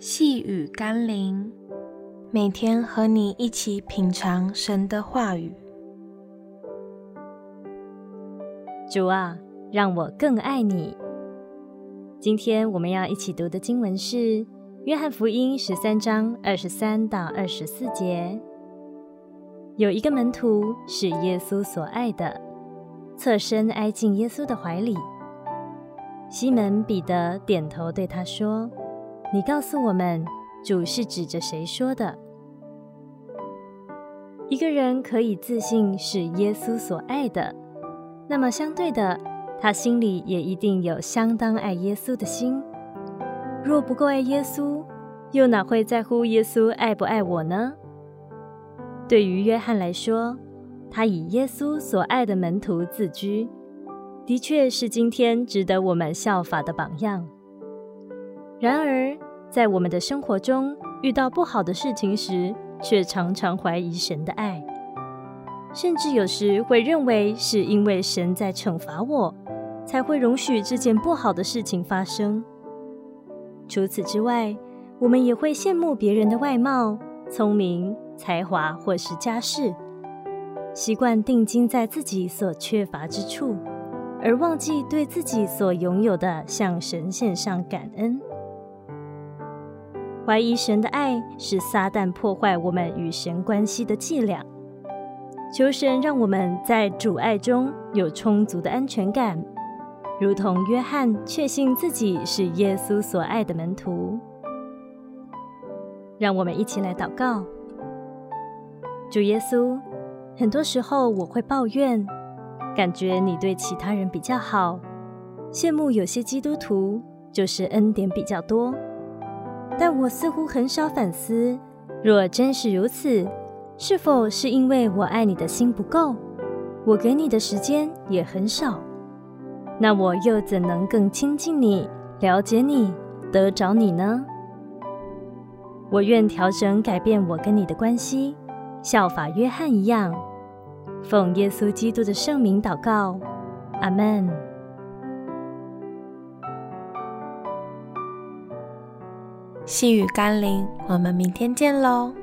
細雨甘霖，每天和你一起品嘗神的話語。主啊，讓我更愛你。今天我們要一起讀的經文是《約翰福音》十三章二十三到二十四節。有一個門徒是耶穌所愛的，側身挨進耶穌的懷裡。西門彼得點頭對他說。你告訴我們，主是指着誰說的？一個人可以自信是耶穌所愛的，那麼相對的，他心裡也一定有相當愛耶穌的心。若不夠愛耶穌，又哪會在乎耶穌愛不愛我呢？對於約翰來說，他以耶穌所愛的門徒自居，的確是今天值得我們效法的榜樣。然而，在我們的生活中遇到不好的事情時，卻常常懷疑神的愛，甚至有時會認為是因為神在懲罰我，才會容許這件不好的事情發生。除此之外，我們也會羨慕別人的外貌、聰明、才華或是家世，習慣定睛在自己所缺乏之處，而忘記對自己所擁有的向神獻上感恩。懷疑神的愛是撒旦破壞我們與神關係的伎倆，求神讓我們在主愛中有充足的安全感，如同約翰確信自己是耶穌所愛的門徒。讓我們一起來禱告：主耶穌，很多時候我會抱怨，感覺你對其他人比較好，羨慕有些基督徒就是恩典比較多。但我似乎很少反思，若真是如此，是否是因為我愛你的心不夠，我給你的時間也很少？那我又怎能更親近你、了解你、得著你呢？我願調整、改變我跟你的關係，效法約翰一樣，奉耶穌基督的聖名禱告，阿門。細語甘霖，我們明天見嘍。